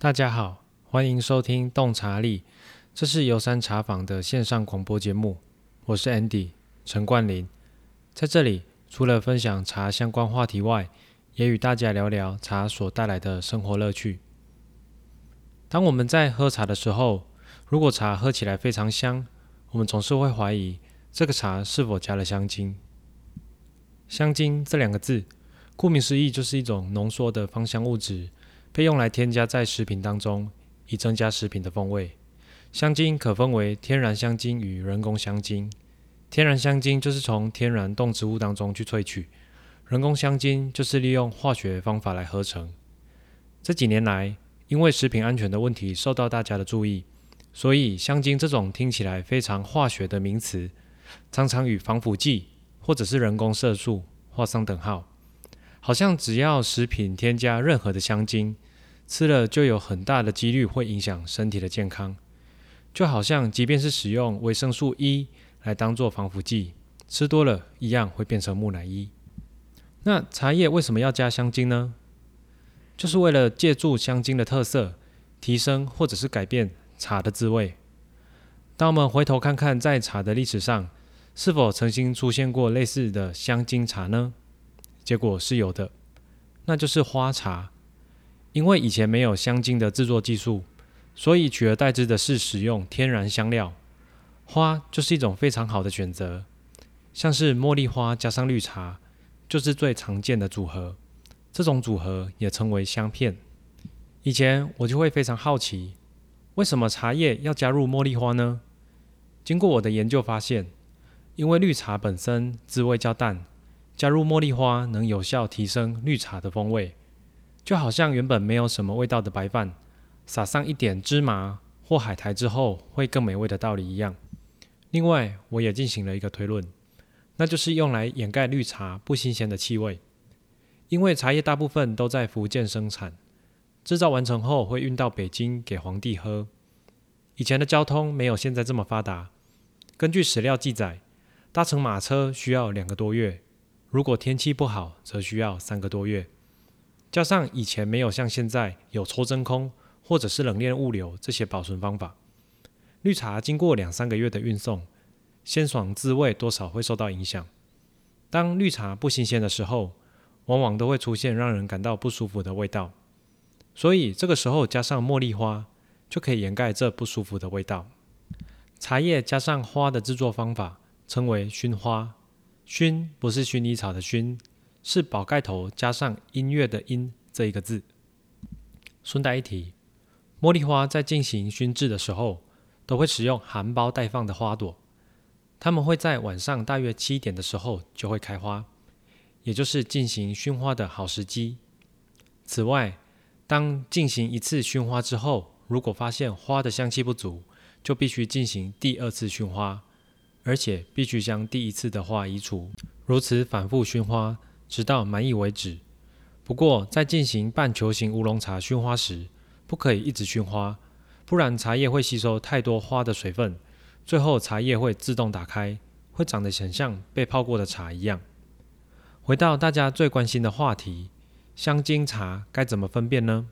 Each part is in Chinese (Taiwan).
大家好，歡迎收聽《洞茶力》，這是遊山茶坊的線上廣播節目。我是 Andy 陳冠霖，在這裡除了分享茶相關話題外，也與大家聊聊茶所帶來的生活樂趣。當我們在喝茶的時候，如果茶喝起來非常香，我們總是會懷疑這個茶是否加了香精。香精這兩個字，顧名思義就是一種濃縮的芳香物質。被用來添加在食品當中，以增加食品的風味。香精可分為天然香精與人工香精。天然香精就是從天然動植物當中去萃取，人工香精就是利用化學方法來合成。這幾年來，因為食品安全的問題受到大家的注意，所以香精這種聽起來非常化學的名詞，常常與防腐劑或者是人工色素畫上等號。好像只要食品添加任何的香精，吃了就有很大的幾率會影響身體的健康。就好像，即便是使用維生素 E 來當做防腐劑，吃多了一樣會變成木乃伊。那茶葉為什麼要加香精呢？就是為了借助香精的特色，提升或者是改變茶的滋味。當我們回頭看看，在茶的歷史上，是否曾經出現過類似的香精茶呢？結果是有的，那就是花茶。因為以前沒有香精的制作技術，所以取而代之的是使用天然香料。花就是一種非常好的選擇，像是茉莉花加上綠茶，就是最常見的組合。這種組合也稱為香片。以前我就會非常好奇，為什麼茶葉要加入茉莉花呢？經過我的研究發現，因為綠茶本身滋味較淡。加入茉莉花能有效提升綠茶的風味，就好像原本沒有什麼味道的白飯撒上一點芝麻或海苔之後會更美味的道理一樣。另外，我也進行了一個推論，那就是用來掩蓋綠茶不新鮮的氣味。因為茶葉大部分都在福建生產，製造完成後會運到北京給皇帝喝。以前的交通沒有現在這麼發達，根據史料記載，搭乘馬車需要兩個多月。如果天氣不好，則需要三個多月。加上以前沒有像現在有抽真空或者是冷鏈物流這些保存方法，綠茶經過兩三個月的運送，鮮爽滋味多少會受到影響。當綠茶不新鮮的時候，往往都會出現讓人感到不舒服的味道。所以這個時候加上茉莉花，就可以掩蓋這不舒服的味道。茶葉加上花的製作方法，稱為熏花。燻不是薰衣草的燻，是寶蓋頭加上音樂的音這一個字。順帶一提，茉莉花在進行燻製的時候，都會使用含苞待放的花朵，它們會在晚上大約七點的時候就會開花，也就是進行燻花的好時機。此外，當進行一次燻花之後，如果發現花的香氣不足，就必須進行第二次燻花。而且必須將第一次的花移除，如此反覆熏花，直到滿意為止。不過，在進行半球形烏龍茶熏花時，不可以一直熏花，不然茶葉會吸收太多花的水分，最後茶葉會自動打開，會長得很像被泡過的茶一樣。回到大家最關心的話題，香精茶該怎麼分辨呢？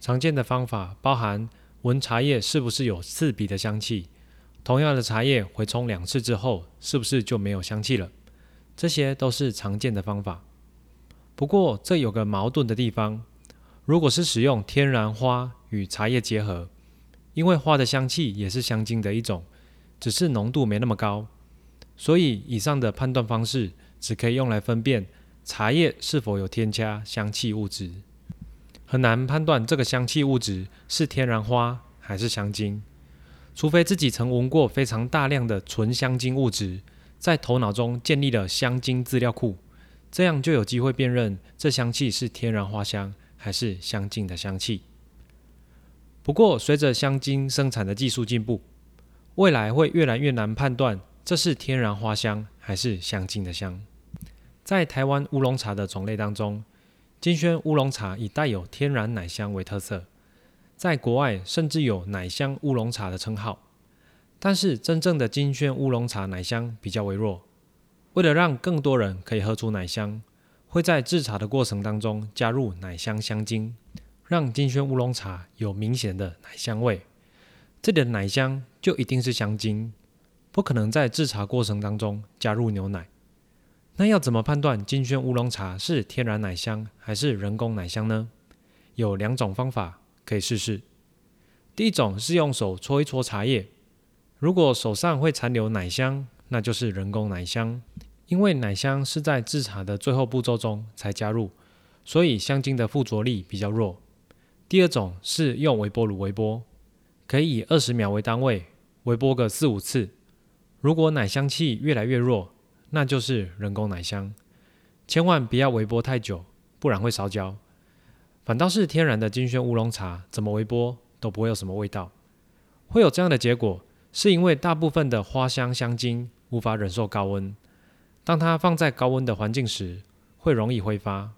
常見的方法包含聞茶葉是不是有刺鼻的香氣。同樣的茶葉回沖兩次之後，是不是就沒有香氣了？這些都是常見的方法。不過，這有個矛盾的地方，如果是使用天然花與茶葉結合，因為花的香氣也是香精的一種，只是濃度沒那麼高，所以以上的判斷方式只可以用來分辨茶葉是否有添加香氣物質，很難判斷這個香氣物質是天然花還是香精。除非自己曾聞過非常大量的純香精物質，在頭腦中建立了香精資料庫，這樣就有機會辨認這香氣是天然花香還是香精的香氣。不過，隨着香精生產的技術進步，未來會越來越難判斷這是天然花香還是香精的香。在台灣烏龍茶的種類當中，金萱烏龍茶以帶有天然奶香為特色。在國外，甚至有“奶香烏龍茶”的稱號。但是，真正的金萱烏龍茶奶香比較微弱。為了讓更多人可以喝出奶香，會在制茶的過程當中加入奶香香精，讓金萱烏龍茶有明顯的奶香味。這裡的奶香就一定是香精，不可能在制茶過程當中加入牛奶。那要怎麼判斷金萱烏龍茶是天然奶香還是人工奶香呢？有兩種方法。可以試試。第一種是用手搓一搓茶葉，如果手上會殘留奶香，那就是人工奶香，因為奶香是在製茶的最後步驟中才加入，所以香精的附着力比較弱。第二種是用微波爐微波，可以以二十秒為單位，微波個四五次。如果奶香氣越來越弱，那就是人工奶香。千萬不要微波太久，不然會燒焦。反倒是天然的金萱烏龍茶，怎麼微波都不會有什麼味道。會有這樣的結果，是因為大部分的花香香精無法忍受高溫，當它放在高溫的環境時，會容易揮發。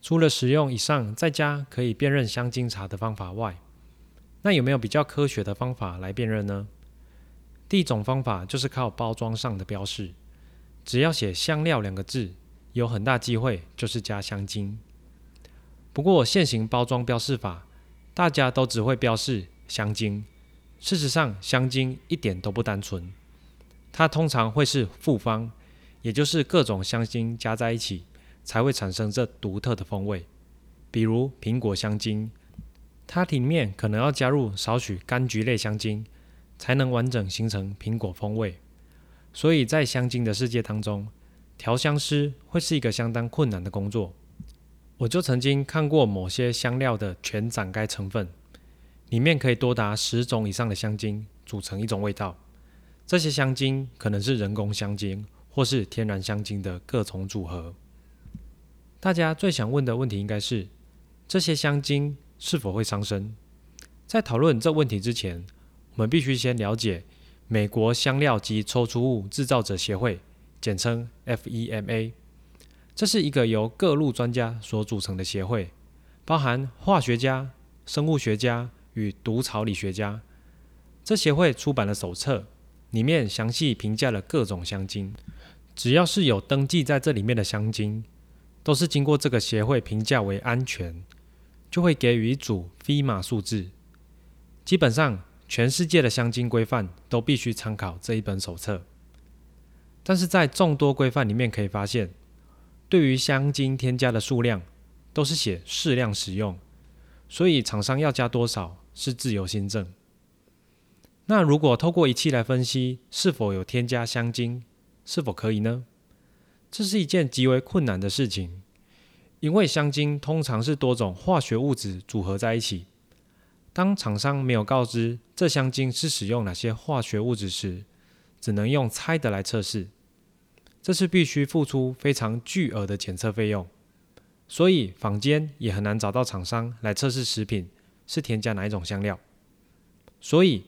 除了使用以上在家可以辨認香精茶的方法外，那有沒有比較科學的方法來辨認呢？第一種方法就是靠包裝上的標示，只要寫香料兩個字，有很大機會就是加香精。不過現行包裝標示法，大家都只會標示香精。事實上，香精一點都不單純，它通常會是複方，也就是各種香精加在一起，才會產生這獨特的風味。比如蘋果香精，它裡面可能要加入少許柑橘類香精，才能完整形成蘋果風味。所以在香精的世界當中，調香師會是一個相當困難的工作。我就曾經看過某些香料的全展開成分，裡面可以多達十種以上的香精組成一種味道。這些香精可能是人工香精或是天然香精的各種組合。大家最想問的問題應該是：這些香精是否會傷身？在討論這問題之前，我們必須先了解美國香料及抽出物製造者協會（簡稱 FEMA）。這是一個由各路專家所組成的協會，包含化學家、生物學家與毒草理學家。這協會出版的手冊裡面詳細評價了各種香精，只要是有登記在這裡面的香精，都是經過這個協會評價為安全，就會給予一組 FEMA 數字。基本上，全世界的香精規範都必須參考這一本手冊。但是在眾多規範裡面，可以發現。對於香精添加的數量，都是寫適量使用，所以廠商要加多少是自由心證。那如果透過儀器來分析是否有添加香精，是否可以呢？這是一件極為困難的事情，因為香精通常是多種化學物質組合在一起。當廠商沒有告知這香精是使用哪些化學物質時，只能用猜的來測試。這是必須付出非常巨額的檢測費用，所以坊間也很難找到廠商來測試食品是添加哪一種香料。所以，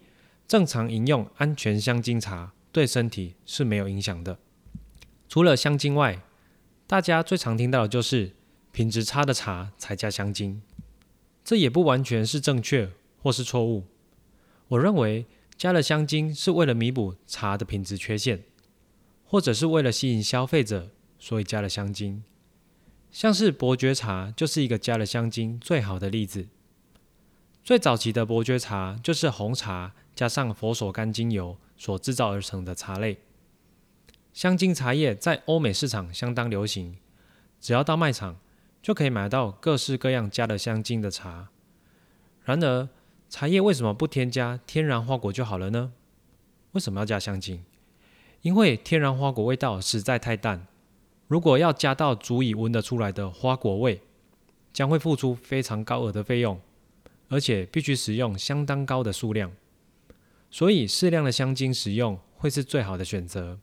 正常飲用安全香精茶對身體是沒有影響的。除了香精外，大家最常聽到的就是品質差的茶才加香精，這也不完全是正確或是錯誤。我認為加了香精是為了彌補茶的品質缺陷。或者是為了吸引消費者，所以加了香精，像是伯爵茶就是一個加了香精最好的例子。最早期的伯爵茶就是紅茶加上佛手柑精油所製造而成的茶類。香精茶葉在歐美市場相當流行，只要到賣場就可以買到各式各樣加了香精的茶。然而，茶葉為什麼不添加天然花果就好了呢？為什麼要加香精？因為天然花果味道實在太淡，如果要加到足以聞得出來的花果味，將會付出非常高額的費用，而且必須使用相當高的數量。所以適量的香精使用會是最好的選擇。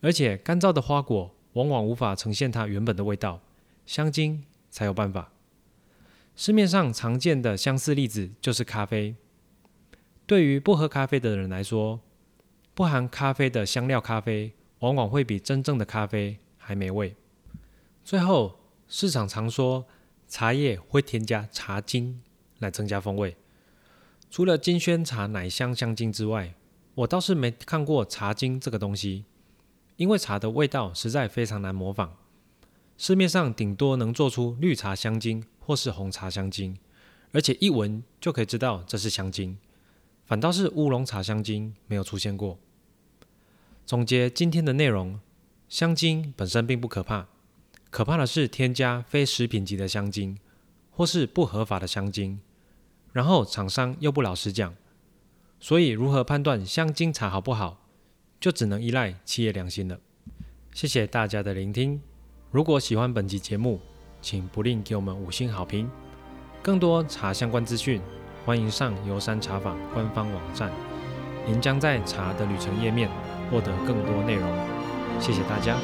而且乾燥的花果往往無法呈現它原本的味道，香精才有辦法。市面上常見的相似例子就是咖啡。對於不喝咖啡的人來說，不含咖啡的香料咖啡，往往會比真正的咖啡還美味。最後，市場常說茶葉會添加茶精來增加風味。除了金萱茶奶香香精之外，我倒是沒看過茶精這個東西，因為茶的味道實在非常難模仿。市面上頂多能做出綠茶香精或是紅茶香精，而且一聞就可以知道這是香精。反倒是烏龍茶香精沒有出現過。總結今天的內容，香精本身並不可怕，可怕的是添加非食品級的香精，或是不合法的香精，然後廠商又不老實講，所以如何判斷香精茶好不好，就只能依賴企業良心了。謝謝大家的聆聽。如果喜歡本期節目，請不吝給我們五星好評。更多茶相關資訊，歡迎上遊山茶坊官方網站，您將在茶的旅程頁面。獲得更多內容，謝謝大家。